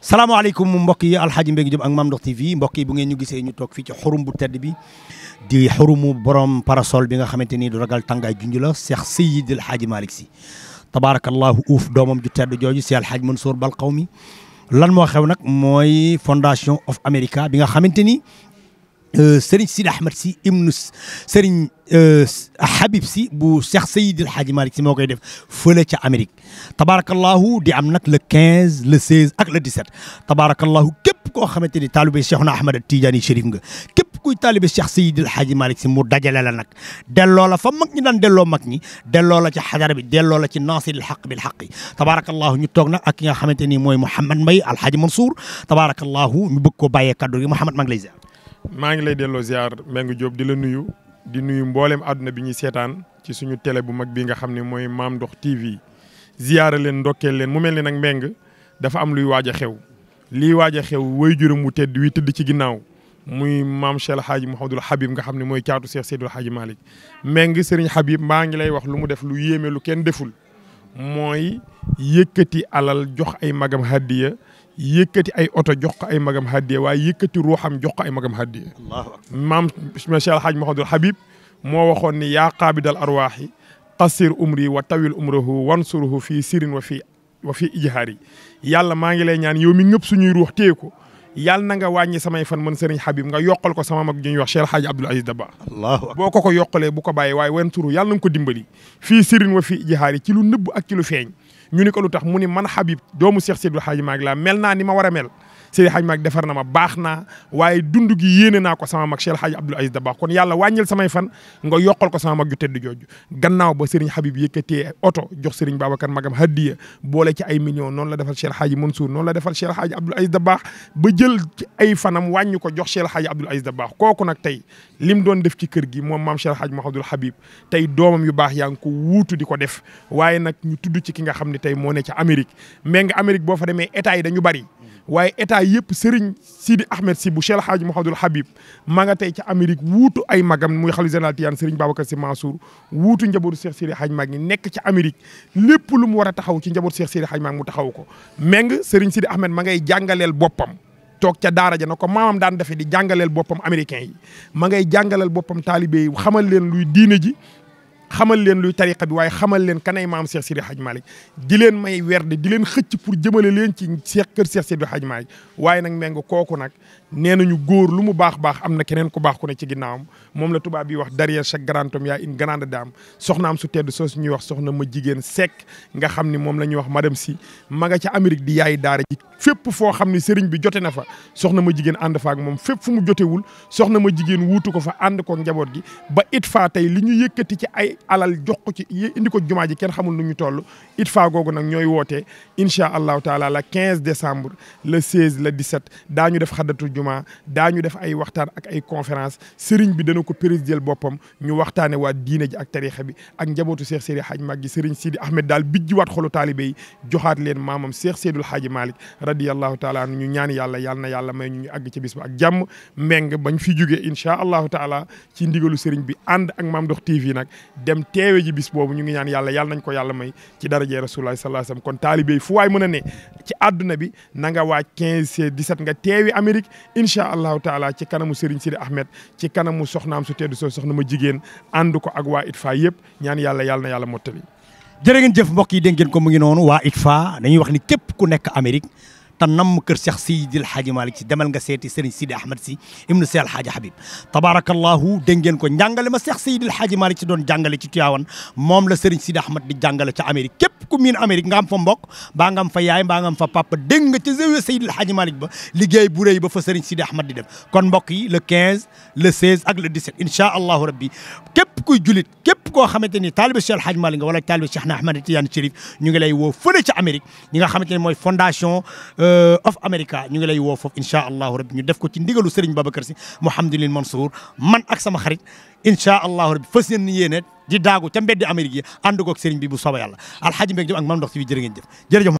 salaamaaleykum mbokk yi alxaaji Mbengue Diop ak Mame Ndokh TV mbokk yi bu ngeen ñu gisee ñu toog fii ci xurum bu tedd bi di xurumu borom parasol bi nga xamante ni du ragal tàngaay junj la Cheikh Seydi si Hadji Malick Sy tabaarakallahu uuf doomam ju tedd jooju si alxaaji Mansour Bal Qawmi lan moo xew nag mooy fondation of America bi nga xamante ni Euh, sëriñ Sidi Ahmed si ibnu sëriñ euh, Habib si bu Cheikh Seydi El Hadji Malick si moo koy def fële ca Amérique tabaarakallahu di am nag le 15 le 16 ak le 17 tabaarakallahu képp koo xamante ni na Cheikhuna Ahmed Tidiane Chérif nga képp kuy taalibe Cheikh Seydi El Hadji Malick si mu dajale la nag delloo la fa mag ñi daan delloo mag ñi delloo la ci xadara bi delloo la ci naasir il xaq bil xaq tabaarakallahu ñu toog nag ak ki nga xamante ni mooy Mouhamed Mbaye Alhaji Mansour tabaarakallahu ñu bëgg koo bàyyee kaddu gi Mouhamed maa ngi lay maa ngi lay delloo ziar Mbengue Diop di la nuyu di nuyu mboolem àdduna bi ñu seetaan ci suñu tele bu mag bi nga xam ne mooy Maam Ndox TV ziyaare leen ndokkeel leen mu mel ni nag Mbengue dafa am luy waaj a xew lii waaj a xew way juróom wu tedd wi tëdd ci ginnaaw muy maam Cheikh Hadji Mouhamadul Habib nga xam ne mooy caatu Cheikh Seydul Hadji Malick Mbengue Serigne Habib maa ngi lay wax lu mu def lu yéeme lu kenn deful mooy yëkkati alal jox ay magam hadiya yëkkati ay oto jox ko ay magam hadiya waaye yëkkati ruuxam jox ko ay magam hadiya maam Cheikh El Hadj Mouhamadul Habib moo waxoon ni yaa qaabidal arwaaxi qasir umri wa tawil umrahu wansuruhu fii sirin wa fii wa fii ijahaar yi yàlla maa ngi lay ñaan yow mi ñëpp suñuy ruux téye ko yàlla na nga wàññi samay fan man sëriñ Habib nga yokkal ko sama mag ju ñuy wax Cheikh El Hadj Abdoul Aziz Dabakh boo ko ko yokkalee bu ko bàyyee waaye wansuruhu yàlla na nga ko dimbali fii sirin wa fii ijahaar yi ci lu nëbb ak ci lu feeñ ñu ni ko lu tax mu ni man Habib doomu Cheikh Seydou Hadj Mag laa mel naa ni ma war a mel Seydou Hadj Mag defar na ma baax naa waaye dund gi yéene naa ko sama mag Cheikh Hadj Abdoul Aziz Dabakh kon yàlla wàññil samay fan nga yokkal ko sama mag ju tedd jooju gannaaw ba Serigne Habib yëkkatee oto jox Serigne Babacar magam hadiya boole ci ay millions noonu la defal Cheikh Hadj Mansour noon la defal Cheikh Hadj Abdoul Aziz Dabakh ba jël ci ay fanam wàññi ko jox Cheikh Hadj Abdoul Aziz Dabakh kooku nag tey lim doon def ci kër gi moom maam Cheikh Hadj Mahamadul Habib tey doomam yu baax yaa ngi ko wuutu di ko def ni tey moo ne ca Amérique mais nga Amérique boo fa demee état yi dañu bari waaye état yëpp Serigne Sidi Ahmed si bu Cheikh Hadj Mouhamadoul Habib maa nga tey ca Amérique wuutu ay magam muy xalifa général Tijaan Serigne Babacar Sy Mansour wuutu njabootu Cheikh Sidi Hadj Mag ñi nekk ca Amérique lépp lu mu war a taxaw ci njabootu Cheikh Sidi Hadj Mag mu taxaw ko méng Serigne Sidi Ahmed ma ngay jàngaleel boppam toog ca daara ja ko maamam daan defee di jàngaleel boppam américain yi ma ngay boppam taalibe yi xamal leen luy diine ji xamal leen luy tariqa bi waaye xamal leen kanay maam Cheikh Sidi Hadj Malick di leen may werde di leen xëcc pour jëmale leen ci Cheikh kër Cheikh Sidi Hadj Malick waaye nag méngoo kooku nag nee nañu góor lu mu baax baax am na keneen ku baax ku ne ci am moom la tubaab bi wax derrière chaque grand homme y a une grande dame soxnaam su tedd soo su wax soxna ma jigéen sekk nga xam ni moom la ñuy wax madame si ma nga ca Amérique di yaay daara ji fépp foo xam ni sëriñ bi jote na fa soxna ma jigéen ànd fa ak moom fépp fu mu jotewul soxna ma jigéen wuutu ko fa ànd ko njaboot gi ba it faa tey li ñu yëkkati ci ay alal jox ko ci indi ko jumaa ji kenn xamul nu ñu toll it faa googu nag ñooy wootee incha allahu taala la 15 décembre le 16 le 17 daañu def xaddatul jumaa daañu def ay waxtaan ak ay conférence sëriñ bi dana ko présidel boppam ñu waxtaane waat diine ji ak tarixa bi ak njabootu Cheikh Seydi Hadj Mag gi sëriñ Sidi Ahmed daal bijjiwaat xolu taalibe yi joxaat leen maamam Cheikh Seydul Hadji Malick radiyallahu taala anu ñu ñaan yàlla yàlla na may ñu ñu ci bis ñu ñaan yàlla yàlla nañ ko yàlla may ci darajee rasulullah sallallahu kon taalibe fu waay mën a ne ci àdduna bi na waaj 15 17 nga incha allahu taala ci kanamu Serigne Sidi Ahmed ci kanamu soxnaam su teddu so soxna ma jigéen ànd ko ak waa fa yëpp ñaan yàlla yàlla na yàlla mottali jërë ngeen jëf mbokk yi dégg ngeen ko mu ngi noonu waa fa dañuy wax ni képp ku nekk Amérique tan te namm kër Cheikh Seydil Hadji Malick si demal nga seeti Serigne Sidi Ahmed si ibnu Cheikh El Hadji Habib tabarakallahu dégg ko njàngale ma Cheikh Seydil Hadji Malick si doon jàngale ci Tiwaawan moom la Serigne Sidi Ahmed di jàngale ca Amérique képp ku miin Amérique nga am fa mbokk mbaa nga am fa yaay mbaa nga am fa papa dégg nga ca zéwe Seydil Hadji ba liggéey bu rëy ba fa Serigne Sidi Ahmed di dem kon mbokk yi le 15 le 16 ak le 17 inchaa allahu képp koo xamante ni taalibe Cheikh El nga wala taalibe Cheikh na Ahmed Tidiane Chérif ñu ngi woo fële ca Amérique ñi nga xamante mooy fondation euh, Euh, of America ñu ngi lay woo foofu allahu rabi ñu def ko ci ndigalu Serigne Babacar Sy Mouhamadulil Mansour man ak sama xarit incha allahu rabi fas yéen yéene di daagu ca mbeddi Amérique yi ànd koog Serigne bi bu soobee yàlla alxaaji mbéeg jëm ak maam ndox si bi jërë ngeen